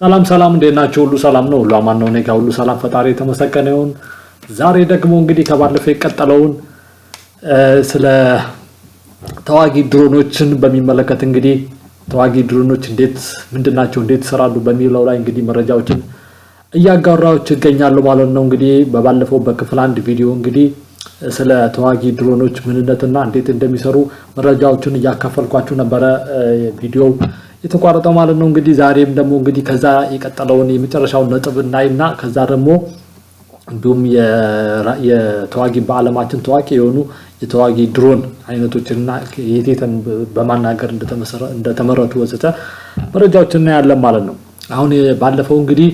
ሰላም ሰላም፣ እንዴት ናቸው? ሁሉ ሰላም ነው? ሁሉ አማን ነው? እኔ ጋር ሁሉ ሰላም፣ ፈጣሪ የተመሰገነ ይሁን። ዛሬ ደግሞ እንግዲህ ከባለፈው የቀጠለውን ስለ ተዋጊ ድሮኖችን በሚመለከት እንግዲህ ተዋጊ ድሮኖች እንዴት ምንድን ናቸው፣ እንዴት ይሰራሉ በሚለው ላይ እንግዲህ መረጃዎችን እያጋራዎች ይገኛሉ ማለት ነው። እንግዲህ በባለፈው በክፍል አንድ ቪዲዮ እንግዲህ ስለ ተዋጊ ድሮኖች ምንነትና እንዴት እንደሚሰሩ መረጃዎችን እያካፈልኳችሁ ነበረ ቪዲዮው የተቋረጠው ማለት ነው። እንግዲህ ዛሬም ደግሞ እንግዲህ ከዛ የቀጠለውን የመጨረሻውን ነጥብ እናይና ከዛ ደግሞ እንዲሁም የተዋጊ በዓለማችን ታዋቂ የሆኑ የተዋጊ ድሮን አይነቶችና የቴተን በማናገር እንደተመረቱ ወዘተ መረጃዎች እናያለን ማለት ነው። አሁን ባለፈው እንግዲህ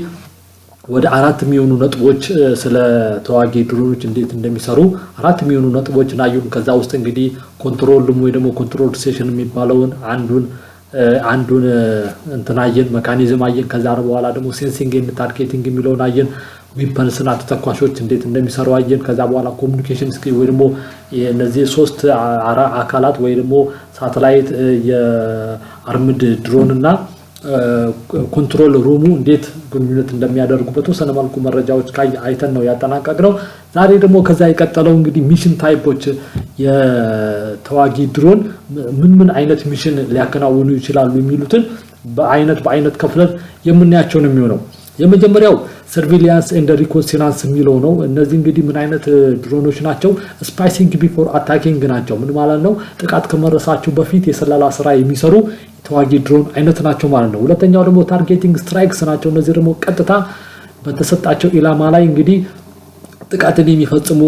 ወደ አራት የሚሆኑ ነጥቦች ስለ ተዋጊ ድሮኖች እንዴት እንደሚሰሩ አራት የሚሆኑ ነጥቦች ናዩም ከዛ ውስጥ እንግዲህ ኮንትሮል ወይ ደግሞ ኮንትሮል ሴሽን የሚባለውን አንዱን አንዱን እንትን አየን፣ መካኒዝም አየን። ከዛ በኋላ ደግሞ ሴንሲንግ ኤንድ ታርጌቲንግ የሚለውን አየን። ዊፐንስና ተተኳሾች እንዴት እንደሚሰሩ አየን። ከዛ በኋላ ኮሚኒኬሽን ስኪል ወይ ደግሞ እነዚህ ሶስት አካላት ወይ ደግሞ ሳተላይት፣ የአርምድ ድሮን እና ኮንትሮል ሩሙ እንዴት ግንኙነት እንደሚያደርጉ በተወሰነ መልኩ መረጃዎች አይተን ነው ያጠናቀቅነው። ዛሬ ደግሞ ከዛ የቀጠለው እንግዲህ ሚሽን ታይፖች የተዋጊ ድሮን ምን ምን አይነት ሚሽን ሊያከናውኑ ይችላሉ የሚሉትን በአይነት በአይነት ከፍለን የምናያቸው ነው የሚሆነው። የመጀመሪያው ሰርቬሊያንስ ኤንድ ሪኮንሲራንስ የሚለው ነው። እነዚህ እንግዲህ ምን አይነት ድሮኖች ናቸው? ስፓይሲንግ ቢፎር አታኪንግ ናቸው። ምን ማለት ነው? ጥቃት ከመረሳችሁ በፊት የሰላላ ስራ የሚሰሩ ተዋጊ ድሮን አይነት ናቸው ማለት ነው። ሁለተኛው ደግሞ ታርጌቲንግ ስትራይክስ ናቸው። እነዚህ ደግሞ ቀጥታ በተሰጣቸው ኢላማ ላይ እንግዲህ ጥቃትን የሚፈጽሙ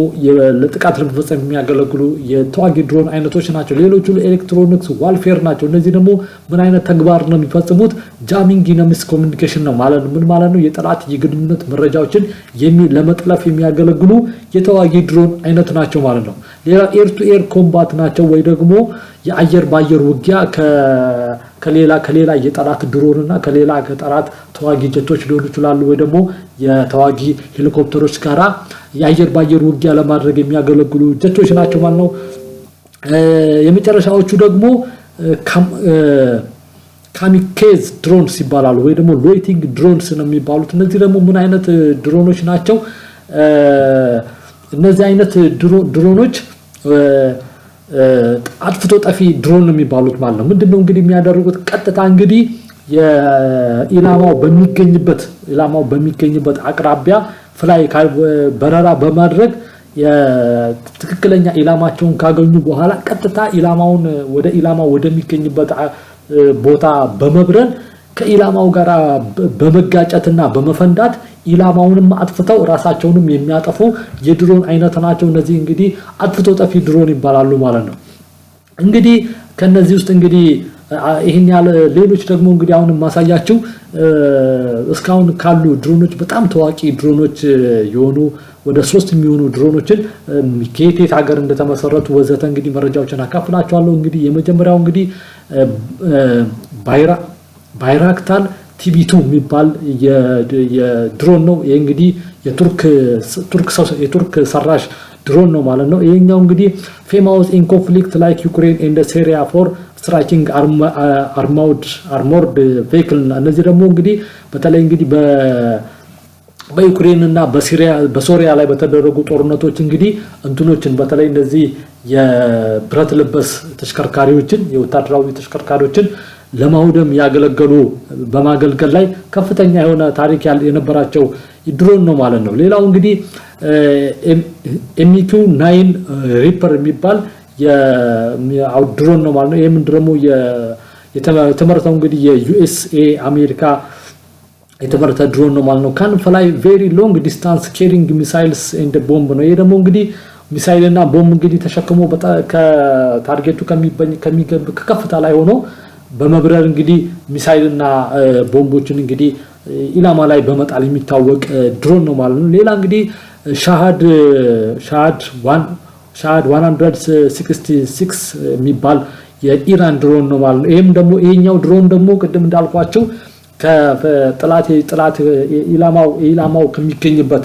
ለጥቃት ለመፈጸም የሚያገለግሉ የተዋጊ ድሮን አይነቶች ናቸው። ሌሎቹ ኤሌክትሮኒክስ ዋልፌር ናቸው። እነዚህ ደግሞ ምን አይነት ተግባር ነው የሚፈጽሙት? ጃሚንግ ሚስ ኮሚኒኬሽን ነው ማለት ነው። ምን ማለት ነው? የጠላት የግንኙነት መረጃዎችን ለመጥለፍ የሚያገለግሉ የተዋጊ ድሮን አይነት ናቸው ማለት ነው። ሌላ ኤር ቱ ኤር ኮምባት ናቸው ወይ ደግሞ የአየር በአየር ውጊያ ከሌላ ከሌላ የጠላት ድሮን እና ከሌላ ከጠላት ተዋጊ ጀቶች ሊሆኑ ይችላሉ፣ ወይ ደግሞ የተዋጊ ሄሊኮፕተሮች ጋራ የአየር በአየር ውጊያ ለማድረግ የሚያገለግሉ ጀቶች ናቸው ማለት ነው። የመጨረሻዎቹ ደግሞ ካሚኬዝ ድሮንስ ይባላሉ፣ ወይ ደግሞ ሎይቲንግ ድሮንስ ነው የሚባሉት። እነዚህ ደግሞ ምን አይነት ድሮኖች ናቸው? እነዚህ አይነት ድሮኖች አጥፍቶ ጠፊ ድሮን የሚባሉት ማለት ነው። ምንድነው እንግዲህ የሚያደርጉት ቀጥታ እንግዲህ የኢላማው በሚገኝበት ኢላማው በሚገኝበት አቅራቢያ ፍላይ በረራ በማድረግ ትክክለኛ ኢላማቸውን ካገኙ በኋላ ቀጥታ ኢላማውን ወደ ኢላማው ወደሚገኝበት ቦታ በመብረን ከኢላማው ጋር በመጋጨትና በመፈንዳት ኢላማውንም አጥፍተው ራሳቸውንም የሚያጠፉ የድሮን አይነት ናቸው። እነዚህ እንግዲህ አጥፍቶ ጠፊ ድሮን ይባላሉ ማለት ነው። እንግዲህ ከነዚህ ውስጥ እንግዲህ ይህን ያለ ሌሎች ደግሞ እንግዲህ አሁን የማሳያችው እስካሁን ካሉ ድሮኖች በጣም ታዋቂ ድሮኖች የሆኑ ወደ ሶስት የሚሆኑ ድሮኖችን ከየት የት ሀገር እንደተመሰረቱ ወዘተ እንግዲህ መረጃዎችን አካፍላቸዋለሁ። እንግዲህ የመጀመሪያው እንግዲህ ባይራ ባይራክታል ቲቢቱ የሚባል የድሮን ነው። ይህ እንግዲህ የቱርክ ሰራሽ ድሮን ነው ማለት ነው። ይህኛው እንግዲህ ፌማውስ ኢንኮንፍሊክት ኮንፍሊክት ላይክ ዩክሬን ኤንድ ሴሪያ ፎር ስትራይኪንግ አርሞርድ ቬክል እና እነዚህ ደግሞ እንግዲህ በተለይ እንግዲህ በዩክሬን እና በሶሪያ ላይ በተደረጉ ጦርነቶች እንግዲህ እንትኖችን በተለይ እንደዚህ የብረት ልበስ ተሽከርካሪዎችን የወታደራዊ ተሽከርካሪዎችን ለማውደም ያገለገሉ በማገልገል ላይ ከፍተኛ የሆነ ታሪክ የነበራቸው ድሮን ነው ማለት ነው። ሌላው እንግዲህ ኤሚኪው ናይን ሪፐር የሚባል ድሮን ነው ማለት ነው። ይህም ደግሞ የተመረተው እንግዲህ የዩኤስኤ አሜሪካ የተመረተ ድሮን ነው ማለት ነው። ካን ፍላይ ቬሪ ሎንግ ዲስታንስ ኬሪንግ ሚሳይልስ ኤንድ ቦምብ ነው። ይሄ ደግሞ እንግዲህ ሚሳይልና ቦምብ እንግዲህ ተሸክሞ ከታርጌቱ ከከፍታ ላይ ሆኖ በመብረር እንግዲህ ሚሳይልና ቦምቦችን እንግዲህ ኢላማ ላይ በመጣል የሚታወቅ ድሮን ነው ማለት ነው። ሌላ እንግዲህ ሻሃድ ሻሃድ 166 የሚባል የኢራን ድሮን ነው ማለት ነው። ይህም ደግሞ ይሄኛው ድሮን ደግሞ ቅድም እንዳልኳቸው ጥላት ኢላማው ከሚገኝበት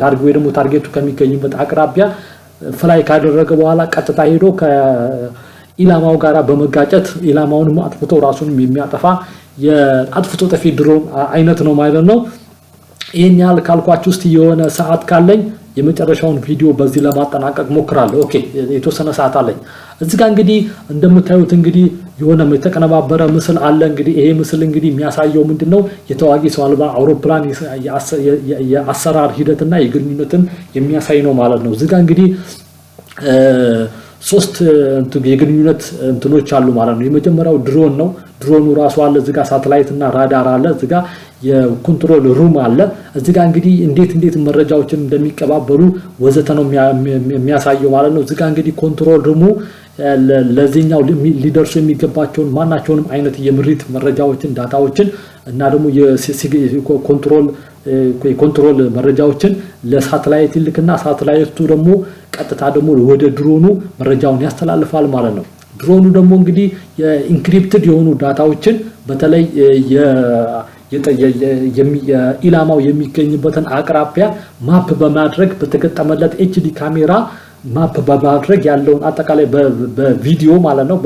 ታርጌ ወይ ደግሞ ታርጌቱ ከሚገኝበት አቅራቢያ ፍላይ ካደረገ በኋላ ቀጥታ ሄዶ ኢላማው ጋራ በመጋጨት ኢላማውንም አጥፍቶ ራሱንም የሚያጠፋ የአጥፍቶ ጠፊ ድሮን አይነት ነው ማለት ነው። ይህን ያህል ካልኳችሁ ውስጥ የሆነ ሰዓት ካለኝ የመጨረሻውን ቪዲዮ በዚህ ለማጠናቀቅ ሞክራለሁ። ኦኬ የተወሰነ ሰዓት አለኝ። እዚህ ጋር እንግዲህ እንደምታዩት እንግዲህ የሆነ የተቀነባበረ ምስል አለ። እንግዲህ ይሄ ምስል እንግዲህ የሚያሳየው ምንድን ነው? የተዋጊ ሰው አልባ አውሮፕላን የአሰራር ሂደትና የግንኙነትን የሚያሳይ ነው ማለት ነው። እዚህ ጋር እንግዲህ ሶስት የግንኙነት እንትኖች አሉ ማለት ነው። የመጀመሪያው ድሮን ነው። ድሮኑ ራሱ አለ እዚጋ ሳተላይት እና ራዳር አለ እዚጋ የኮንትሮል ሩም አለ እዚጋ እንግዲህ እንዴት እንዴት መረጃዎችን እንደሚቀባበሉ ወዘተ ነው የሚያሳየው ማለት ነው። እዚጋ እንግዲህ ኮንትሮል ሩሙ ለዚህኛው ሊደርሱ የሚገባቸውን ማናቸውንም አይነት የምሪት መረጃዎችን፣ ዳታዎችን እና ደግሞ ኮንትሮል የኮንትሮል መረጃዎችን ለሳተላይት ይልክና ሳተላይቱ ደግሞ ቀጥታ ደግሞ ወደ ድሮኑ መረጃውን ያስተላልፋል ማለት ነው። ድሮኑ ደግሞ እንግዲህ የኢንክሪፕትድ የሆኑ ዳታዎችን በተለይ ኢላማው የሚገኝበትን አቅራቢያ ማፕ በማድረግ በተገጠመለት ኤችዲ ካሜራ ማፕ በማድረግ ያለውን አጠቃላይ በቪዲዮ ማለት ነው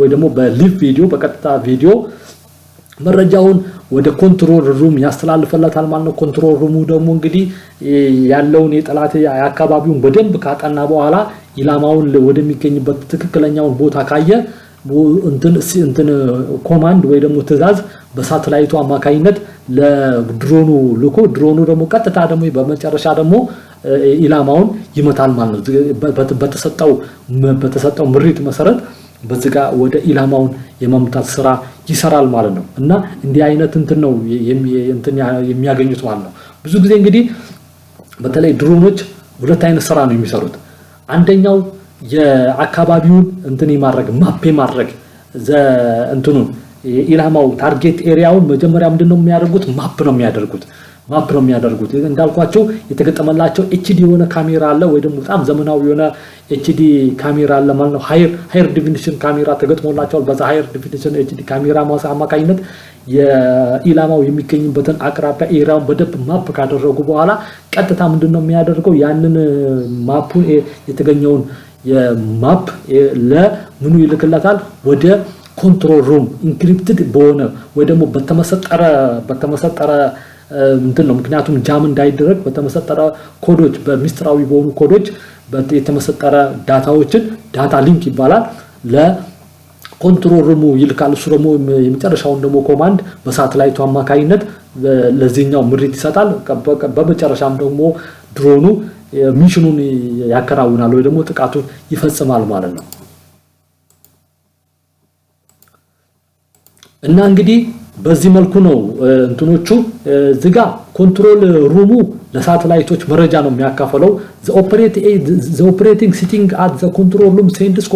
ወይ ደግሞ በሊቭ ቪዲዮ በቀጥታ ቪዲዮ መረጃውን ወደ ኮንትሮል ሩም ያስተላልፈለታል ማለት ነው። ኮንትሮል ሩሙ ደግሞ እንግዲህ ያለውን የጠላት አካባቢውን በደንብ ካጠና በኋላ ኢላማውን ወደሚገኝበት ትክክለኛውን ቦታ ካየ እንትን ኮማንድ ወይ ደግሞ ትዕዛዝ በሳተላይቱ አማካኝነት ለድሮኑ ልኮ ድሮኑ ደግሞ ቀጥታ ደግሞ በመጨረሻ ደግሞ ኢላማውን ይመታል ማለት ነው። በተሰጠው በተሰጠው ምሪት መሰረት በዚህ ወደ ኢላማውን የመምታት ስራ ይሰራል ማለት ነው እና እንዲህ አይነት እንትን ነው የሚያገኙት ማለት ነው። ብዙ ጊዜ እንግዲህ በተለይ ድሮኖች ሁለት አይነት ስራ ነው የሚሰሩት። አንደኛው የአካባቢውን እንትን የማድረግ ማፕ የማድረግ እንትኑን ኢላማው ታርጌት ኤሪያውን መጀመሪያ ምንድን ነው የሚያደርጉት? ማፕ ነው የሚያደርጉት ማፕ ነው የሚያደርጉት። እንዳልኳቸው የተገጠመላቸው ኤችዲ የሆነ ካሜራ አለ ወይ ደግሞ በጣም ዘመናዊ የሆነ ኤችዲ ካሜራ አለ ማለት ነው። ሃይር ዲፊኒሽን ካሜራ ተገጥሞላቸዋል። በዛ ሃይር ዲፊኒሽን ኤችዲ ካሜራ አማካኝነት የኢላማው የሚገኝበትን አቅራቢያ ኤሪያውን በደንብ ማፕ ካደረጉ በኋላ ቀጥታ ምንድን ነው የሚያደርገው ያንን ማፑን የተገኘውን የማፕ ለምኑ ይልክለታል ወደ ኮንትሮል ሩም ኢንክሪፕትድ በሆነ ወይ ደግሞ በተመሰጠረ በተመሰጠረ እንትን ነው። ምክንያቱም ጃም እንዳይደረግ በተመሰጠረ ኮዶች በሚስጥራዊ በሆኑ ኮዶች የተመሰጠረ ዳታዎችን ዳታ ሊንክ ይባላል ለኮንትሮል ሩሙ ይልካል። እሱ ደግሞ የመጨረሻውን ደግሞ ኮማንድ በሳተላይቱ አማካኝነት ለዚህኛው ምሪት ይሰጣል። በመጨረሻም ደግሞ ድሮኑ ሚሽኑን ያከናውናል ወይ ደግሞ ጥቃቱን ይፈጽማል ማለት ነው እና እንግዲህ በዚህ መልኩ ነው እንትኖቹ ዝጋ ኮንትሮል ሩሙ ለሳተላይቶች መረጃ ነው የሚያካፈለው። ኦፕሬቲንግ ሲቲንግ አት ኮንትሮል ሩም ሴንድስ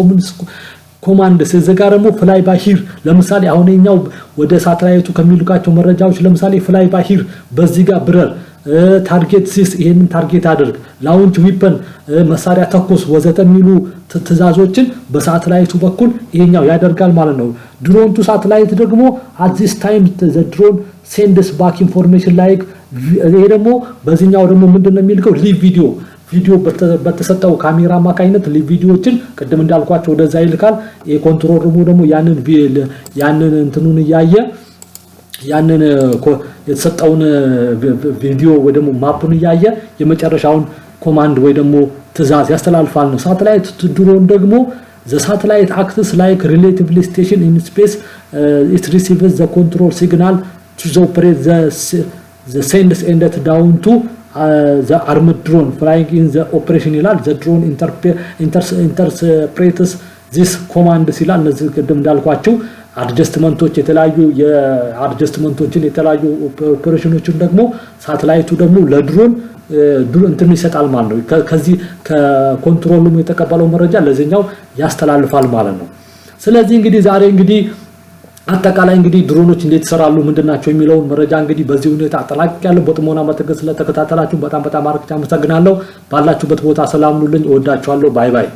ኮማንድስ እዚጋ ደግሞ ፍላይ ባሂር ለምሳሌ አሁን ኛው ወደ ሳተላይቱ ከሚልካቸው መረጃዎች ለምሳሌ ፍላይ ባሂር በዚህ ጋር ብረር ታርጌት ሲስ ይህንን ታርጌት አድርግ፣ ላውንች ዊፐን መሳሪያ ተኩስ ወዘተ የሚሉ ትእዛዞችን በሳተላይቱ በኩል ይሄኛው ያደርጋል ማለት ነው። ድሮን ቱ ሳተላይት ደግሞ አዚስ ታይም ድሮን ሴንድስ ባክ ኢንፎርሜሽን ላይክ ይሄ ደግሞ በዚህኛው ደግሞ ምንድን ነው የሚልከው ሊቭ ቪዲዮ ቪዲዮ በተሰጠው ካሜራ አማካኝነት ቪዲዮዎችን ቅድም እንዳልኳቸው ወደዛ ይልካል። የኮንትሮል ሩሙ ደግሞ ያንን ያንን እንትኑን እያየ ያንን የተሰጠውን ቪዲዮ ወይ ደግሞ ማፑን እያየ የመጨረሻውን ኮማንድ ወይ ደግሞ ትእዛዝ ያስተላልፋል ነው። ሳተላይት ድሮን ደግሞ ዘ ሳተላይት አክትስ ላይክ ሪሌቲቭሊ ስቴሽን ኢን ስፔስ ኢት ሪሲቭስ ዘ ኮንትሮል ሲግናል ቱ ዘ ኦፕሬት ዘ ሴንድስ ኤንደት ዳውን ቱ ዘ አርም ድሮን ፍላይንግ ኢን ዘ ኦፕሬሽን ይላል። ዘ ድሮን ኢንተርፕሬትስ ዚስ ኮማንድስ ይላል። እነዚህ ቅድም እንዳልኳቸው አድጀስትመንቶች የተለያዩ የአድጀስትመንቶችን የተለያዩ ኦፕሬሽኖችን ደግሞ ሳተላይቱ ደግሞ ለድሮን እንትን ይሰጣል ማለት ነው። ከዚህ ከኮንትሮሉም የተቀበለው መረጃ ለዚህኛው ያስተላልፋል ማለት ነው። ስለዚህ እንግዲህ ዛሬ እንግዲህ አጠቃላይ እንግዲህ ድሮኖች እንዴት ይሰራሉ ምንድናቸው የሚለውን መረጃ እንግዲህ በዚህ ሁኔታ ያለው በጥሞና መተገስ ስለተከታተላችሁ በጣም በጣም አርክቻ አመሰግናለሁ። ባላችሁበት ቦታ ሰላም ሁኑልኝ። እወዳችኋለሁ። ባይ ባይ